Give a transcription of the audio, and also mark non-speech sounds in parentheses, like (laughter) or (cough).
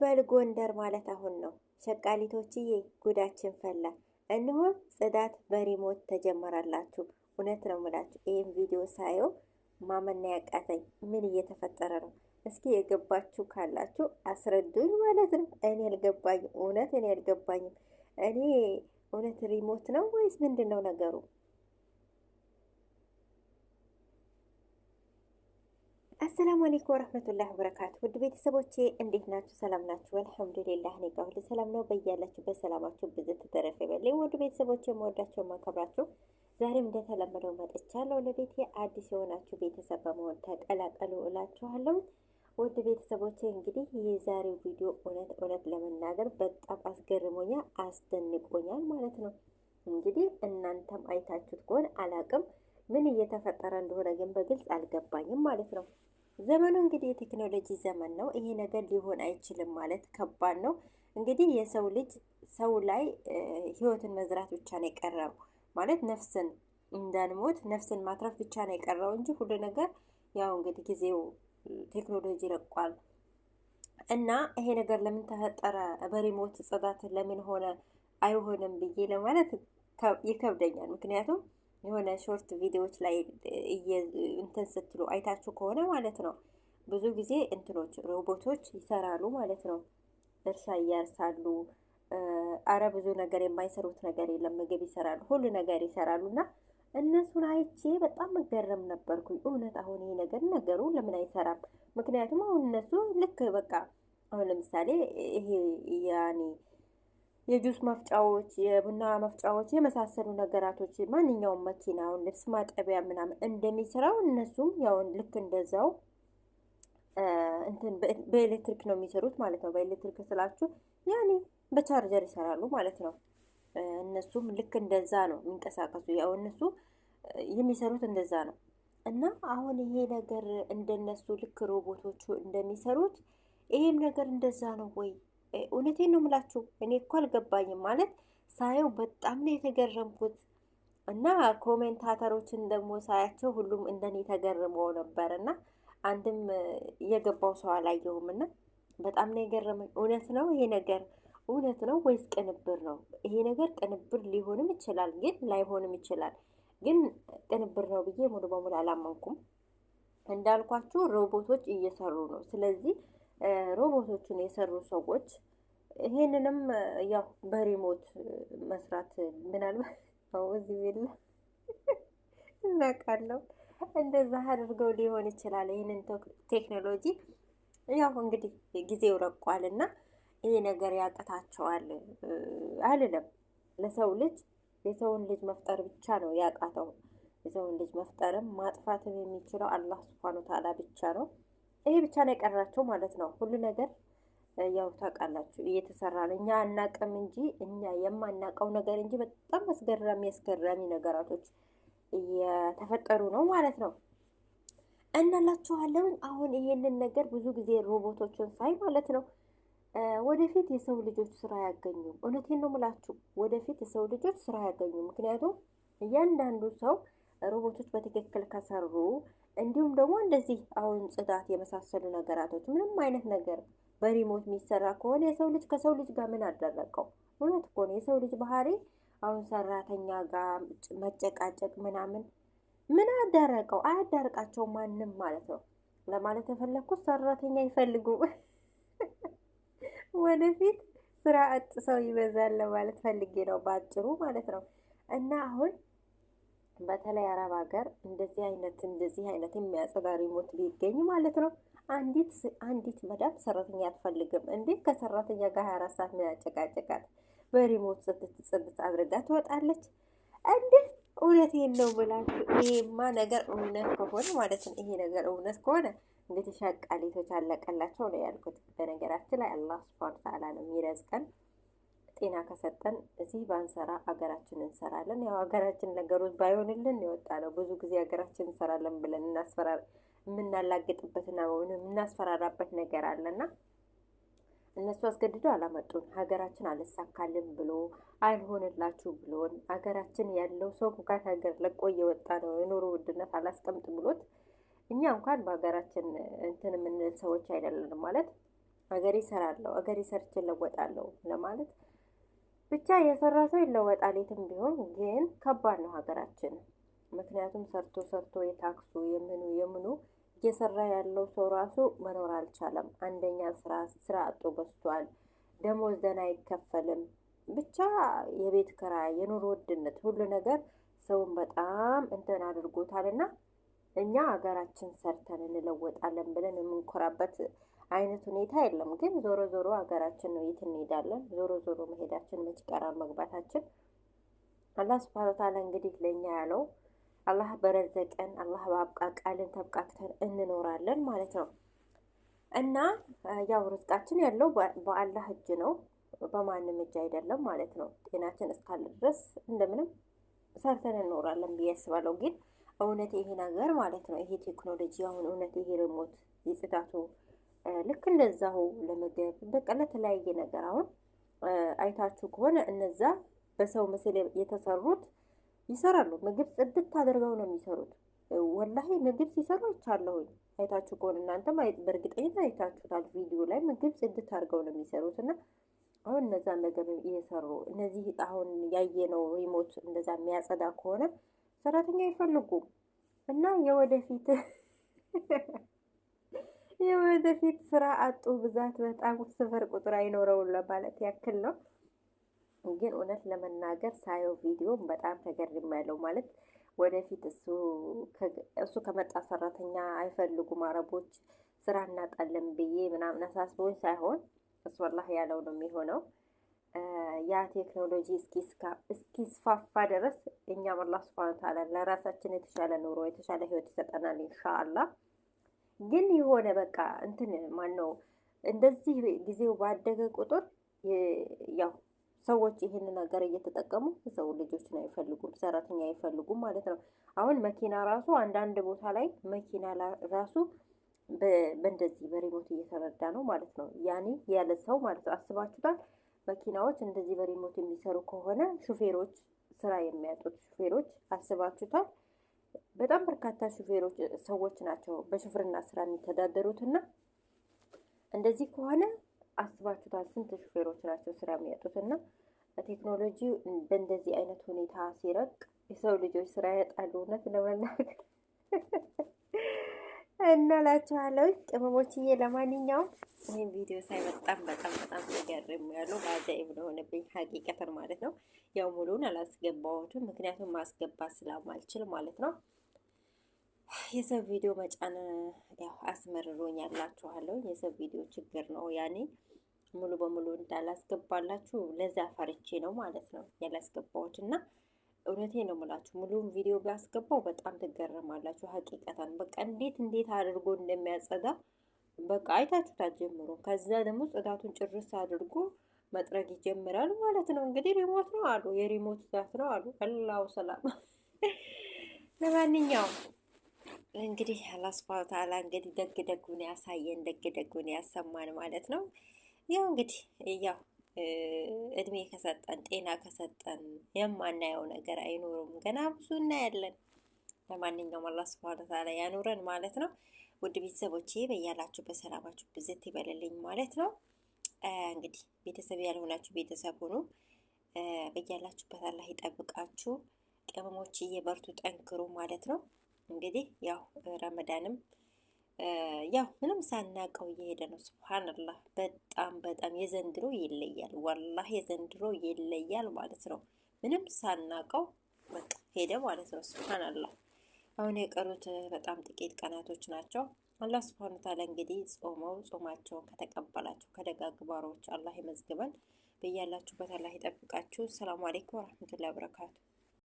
በል ጎንደር ማለት አሁን ነው። ሸቃሊቶችዬ ጉዳችን ፈላ። እንሆ ጽዳት በሪሞት ተጀመራላችሁ። እውነት ነው ምላችሁ፣ ይህም ቪዲዮ ሳየው ማመና ያቃተኝ ምን እየተፈጠረ ነው? እስኪ የገባችሁ ካላችሁ አስረዱኝ ማለት ነው። እኔ አልገባኝም፣ እውነት እኔ አልገባኝም። እኔ እውነት ሪሞት ነው ወይስ ምንድን ነው ነገሩ? አሰላሙ አሌይኩም ወረህመቱላህ በረካቱ ውድ ቤተሰቦቼ እንዴት ናችሁ? ሰላም ናችሁ? አልሐምዱሊላህ እኔ ጋር ሁሉ ሰላም ነው። በያላችሁበት ሰላማችሁ ብዙ ተተረፈ ይበል። ውድ ቤተሰቦቼ የምወዳቸው የማከብራችሁ ዛሬም እንደተለመደው መጥቻለሁ። ለቤቴ አዲስ የሆናችሁ ቤተሰብ በመሆን ተቀላቀሉ እላችኋለሁ። ውድ ቤተሰቦቼ እንግዲህ የዛሬው ቪዲዮ እውነት እውነት ለመናገር በጣም አስገርሞኛል፣ አስደንቆኛል ማለት ነው። እንግዲህ እናንተም አይታችሁት ከሆነ አላቅም ምን እየተፈጠረ እንደሆነ ግን በግልጽ አልገባኝም ማለት ነው። ዘመኑ እንግዲህ የቴክኖሎጂ ዘመን ነው። ይሄ ነገር ሊሆን አይችልም ማለት ከባድ ነው። እንግዲህ የሰው ልጅ ሰው ላይ ህይወትን መዝራት ብቻ ነው የቀረው ማለት ነፍስን እንዳንሞት ነፍስን ማትረፍ ብቻ ነው የቀረው እንጂ ሁሉ ነገር ያው እንግዲህ ጊዜው ቴክኖሎጂ ረቋል እና ይሄ ነገር ለምን ተፈጠረ፣ በሪሞት ጽዳት ለምን ሆነ አይሆንም ብዬ ለማለት ይከብደኛል ምክንያቱም የሆነ ሾርት ቪዲዮዎች ላይ እንትን ስትሉ አይታችሁ ከሆነ ማለት ነው። ብዙ ጊዜ እንትኖች ሮቦቶች ይሰራሉ ማለት ነው። እርሻ እያርሳሉ። አረ ብዙ ነገር የማይሰሩት ነገር የለም። ምግብ ይሰራሉ፣ ሁሉ ነገር ይሰራሉ። እና እነሱን አይቼ በጣም መገረም ነበርኩኝ። እውነት አሁን ይሄ ነገር ነገሩ ለምን አይሰራም? ምክንያቱም አሁን እነሱ ልክ በቃ አሁን ለምሳሌ ይሄ ያኔ የጁስ መፍጫዎች፣ የቡና መፍጫዎች የመሳሰሉ ነገራቶች ማንኛውም መኪናውን ልብስ ማጠቢያ ምናምን እንደሚሰራው እነሱም ያው ልክ እንደዛው እንትን በኤሌክትሪክ ነው የሚሰሩት ማለት ነው። በኤሌክትሪክ ስላችሁ ያኔ በቻርጀር ይሰራሉ ማለት ነው። እነሱም ልክ እንደዛ ነው የሚንቀሳቀሱ። ያው እነሱ የሚሰሩት እንደዛ ነው እና አሁን ይሄ ነገር እንደነሱ ልክ ሮቦቶቹ እንደሚሰሩት ይሄም ነገር እንደዛ ነው ወይ እውነቴን ነው የምላችሁ። እኔ እኮ አልገባኝም ማለት ሳየው በጣም ነው የተገረምኩት። እና ኮሜንታተሮችን ደግሞ ሳያቸው ሁሉም እንደኔ ተገርመው ነበር እና አንድም የገባው ሰው አላየሁም እና በጣም ነው የገረመኝ። እውነት ነው ይሄ ነገር እውነት ነው ወይስ ቅንብር ነው? ይሄ ነገር ቅንብር ሊሆንም ይችላል፣ ግን ላይሆንም ይችላል። ግን ቅንብር ነው ብዬ ሙሉ በሙሉ አላመንኩም። እንዳልኳችሁ ሮቦቶች እየሰሩ ነው። ስለዚህ ሮቦቶችን የሰሩ ሰዎች ይሄንንም ያው በሪሞት መስራት ምናልባት እዚህ ቢላ እናቃለው እንደዛ አድርገው ሊሆን ይችላል። ይህንን ቴክኖሎጂ ያው እንግዲህ ጊዜው ረቋል እና ይሄ ነገር ያቅታቸዋል አልለም። ለሰው ልጅ የሰውን ልጅ መፍጠር ብቻ ነው ያቃተው። የሰውን ልጅ መፍጠርም ማጥፋትም የሚችለው አላህ ስብሓን ታላ ብቻ ነው። ይሄ ብቻ ነው የቀራቸው ማለት ነው። ሁሉ ነገር ያው ታውቃላችሁ እየተሰራ ነው። እኛ አናቅም እንጂ እኛ የማናቀው ነገር እንጂ በጣም አስገራሚ አስገራሚ ነገራቶች እየተፈጠሩ ነው ማለት ነው። እናላችኋለሁ አሁን ይሄንን ነገር ብዙ ጊዜ ሮቦቶችን ሳይ ማለት ነው ወደፊት የሰው ልጆች ስራ ያገኙ፣ እውነቴን ነው ምላችሁ፣ ወደፊት የሰው ልጆች ስራ ያገኙ ምክንያቱም እያንዳንዱ ሰው ሮቦቶች በትክክል ከሰሩ እንዲሁም ደግሞ እንደዚህ አሁን ጽዳት የመሳሰሉ ነገራቶች ምንም አይነት ነገር በሪሞት የሚሰራ ከሆነ የሰው ልጅ ከሰው ልጅ ጋር ምን አደረቀው? እውነት እኮ ነው የሰው ልጅ ባህሪ። አሁን ሰራተኛ ጋር መጨቃጨቅ ምናምን ምን አደረቀው? አያዳርቃቸው ማንም ማለት ነው። ለማለት የፈለግኩት ሰራተኛ ይፈልጉ፣ (laughs) ወደፊት ስራ አጥ ሰው ይበዛል ለማለት ፈልጌ ነው በአጭሩ ማለት ነው እና አሁን በተለይ አረብ ሀገር እንደዚህ አይነት እንደዚህ አይነት የሚያጸዳ ሪሞት ቢገኝ ማለት ነው። አንዲት አንዲት መዳም ሰራተኛ አትፈልግም። እንዴት ከሰራተኛ ጋር 24 ሰዓት ነው ያጨቃጨቃት። በሪሞት ጽድት ጽድት አድርጋ ትወጣለች። እንዴት እውነት የለው ብላችሁ ይሄማ ነገር እውነት ከሆነ ማለት ነው ይሄ ነገር እውነት ከሆነ እንግዲህ ሸቃሌቶች አለቀላቸው ነው ያልኩት። በነገራችን ላይ አላህ ስብሐት ወተዓላ ነው የሚረዝቀን። ጤና ከሰጠን እዚህ ባንሰራ አገራችን እንሰራለን። ያው አገራችን ነገሮች ባይሆንልን የወጣ ነው። ብዙ ጊዜ አገራችን እንሰራለን ብለን እናስፈራ የምናላግጥበትና የምናስፈራራበት ነገር አለና እነሱ አስገድደው አላመጡን። ሀገራችን አልሳካልን ብሎ አልሆንላችሁ ብሎን ሀገራችን ያለው ሰው እንኳን ሀገር ለቆ እየወጣ ነው። የኑሮ ውድነት አላስቀምጥ ብሎት እኛ እንኳን በሀገራችን እንትን የምንል ሰዎች አይደለንም ማለት ሀገሬ እሰራለሁ ሀገሬ ሰርቼ እለወጣለሁ ለማለት ብቻ የሰራ ሰው ይለወጣል። የትም ቢሆን ግን ከባድ ነው ሀገራችን። ምክንያቱም ሰርቶ ሰርቶ የታክሱ የምኑ የምኑ እየሰራ ያለው ሰው ራሱ መኖር አልቻለም። አንደኛ ስራ አጦ በስቷል ደሞዝ ደህና አይከፈልም። ብቻ የቤት ኪራይ፣ የኑሮ ውድነት፣ ሁሉ ነገር ሰውን በጣም እንትን አድርጎታል እና እኛ ሀገራችን ሰርተን እንለወጣለን ብለን የምንኮራበት አይነት ሁኔታ የለም። ግን ዞሮ ዞሮ ሀገራችን ነው፣ የት እንሄዳለን? ዞሮ ዞሮ መሄዳችን መች መግባታችን። አላህ ስብሐነ ወተዓላ እንግዲህ ለእኛ ያለው አላህ በረዘቀን አላህ ቃልን ተብቃክተን እንኖራለን ማለት ነው። እና ያው ርዝቃችን ያለው በአላህ እጅ ነው፣ በማንም እጅ አይደለም ማለት ነው። ጤናችን እስካለ ድረስ እንደምንም ሰርተን እንኖራለን ብዬ አስባለሁ። ግን እውነት ይሄ ነገር ማለት ነው ይሄ ቴክኖሎጂ አሁን እውነት ይሄ ሪሞት የጽዳቱ ልክ እንደዛው ለምግብ በቃ ለተለያየ ነገር አሁን አይታችሁ ከሆነ እነዛ በሰው ምስል የተሰሩት ይሰራሉ። ምግብ ጽድት አድርገው ነው የሚሰሩት። ወላሂ ምግብ ሲሰሩ ይቻለሁኝ አይታችሁ ከሆነ እናንተ በእርግጠኝነት አይታችሁታል። ቪዲዮ ላይ ምግብ ጽድት አድርገው ነው የሚሰሩት እና አሁን እነዛ ምግብ እየሰሩ እነዚህ አሁን ያየነው ሪሞት እንደዛ የሚያጸዳ ከሆነ ሰራተኛ አይፈልጉም እና የወደፊት (laughs) የወደፊት ስራ አጡ ብዛት በጣም ስፍር ቁጥር አይኖረውም ለማለት ያክል ነው። ግን እውነት ለመናገር ሳየው ቪዲዮም በጣም ያለው ማለት ወደፊት እሱ ከመጣ ሰራተኛ አይፈልጉም አረቦች፣ ስራ እናጣለን ብዬ ምናምን አሳስቦኝ ሳይሆን እሱ ወላሂ ያለው ነው የሚሆነው። ያ ቴክኖሎጂ እስኪስፋፋ ድረስ እኛም አላህ ሱብሃነሁ ለራሳችን የተሻለ ኑሮ የተሻለ ህይወት ይሰጠናል ኢንሻአላህ። ግን የሆነ በቃ እንትን ማን ነው እንደዚህ ጊዜው ባደገ ቁጥር ያው ሰዎች ይህን ነገር እየተጠቀሙ ሰው ልጆችን አይፈልጉም፣ ሰራተኛ አይፈልጉም ማለት ነው። አሁን መኪና ራሱ አንዳንድ ቦታ ላይ መኪና ራሱ በእንደዚህ በሪሞት እየተረዳ ነው ማለት ነው። ያኔ ያለ ሰው ማለት ነው። አስባችሁታል? መኪናዎች እንደዚህ በሪሞት የሚሰሩ ከሆነ ሹፌሮች ስራ የሚያጡት ሹፌሮች አስባችሁታል? በጣም በርካታ ሹፌሮች ሰዎች ናቸው በሹፍርና ስራ የሚተዳደሩትና እንደዚህ ከሆነ አስባችሁታል። ስንት ሹፌሮች ናቸው ስራ የሚያጡትና ቴክኖሎጂ በእንደዚህ አይነት ሁኔታ ሲረቅ የሰው ልጆች ስራ ያጣሉ። እውነት ለመናገር እና ላችኋለሁ ቅመሞችዬ። ለማንኛውም ይህን ቪዲዮ ሳይ በጣም በጣም በጣም ተገርም ያለው በአጃኢብ ለሆነብኝ ሀቂቀትን ማለት ነው። ያው ሙሉን አላስገባሁትም፣ ምክንያቱም ማስገባ ስለማልችል ማለት ነው። የሰው ቪዲዮ መጫን ያው አስመርሮኝ ያላችኋለሁ። የሰው ቪዲዮ ችግር ነው ያኔ ሙሉ በሙሉ እንዳላስገባላችሁ ለዛ ፈርቼ ነው ማለት ነው ያላስገባሁት እና እውነቴ ነው ምላችሁ ሙሉውን ቪዲዮ ቢያስገባው በጣም ትገረማላችሁ። ሀቂቀታን በቃ እንዴት እንዴት አድርጎ እንደሚያጸዳ በቃ አይታችሁት ጀምሮ ከዛ ደግሞ ጽዳቱን ጭርስ አድርጎ መጥረግ ይጀምራል ማለት ነው። እንግዲህ ሪሞት ነው አሉ የሪሞት ጽዳት ነው አሉ። አላሁ ሰላም። (laughs) ለማንኛውም እንግዲህ አላህ ሱብሃነሁ ወተዓላ እንግዲህ ደግ ደጉን ያሳየን፣ ደግ ደጉን ያሰማን ማለት ነው። ያው እንግዲህ ያው እድሜ ከሰጠን ጤና ከሰጠን የማናየው ነገር አይኖርም። ገና ብዙ እናያለን። ለማንኛውም አላህ ስብሐነ ወተዓላ ያኖረን ማለት ነው። ውድ ቤተሰቦቼ በያላችሁ በሰላማችሁ ብዝት ይበልልኝ ማለት ነው። እንግዲህ ቤተሰብ ያልሆናችሁ ቤተሰብ ሁኑ። በያላችሁበት አላህ ይጠብቃችሁ። ቅመሞች እየበርቱ ጠንክሩ ማለት ነው። እንግዲህ ያው ረመዳንም ያው ምንም ሳናቀው እየሄደ ነው። ስብሓንላህ በጣም በጣም የዘንድሮ ይለያል። ወላህ የዘንድሮ ይለያል ማለት ነው። ምንም ሳናቀው በቃ ሄደ ማለት ነው። ስብሓንላህ አሁን የቀሩት በጣም ጥቂት ቀናቶች ናቸው። አላህ ስብሓን ታላ እንግዲህ ጾመው ጾማቸውን ከተቀበላቸው ከደጋግ ባሮች አላህ ይመዝግበን። በያላችሁበት አላህ ይጠብቃችሁ። ሰላሙ አሌይኩም ወረሕመቱላሂ ወበረካቱ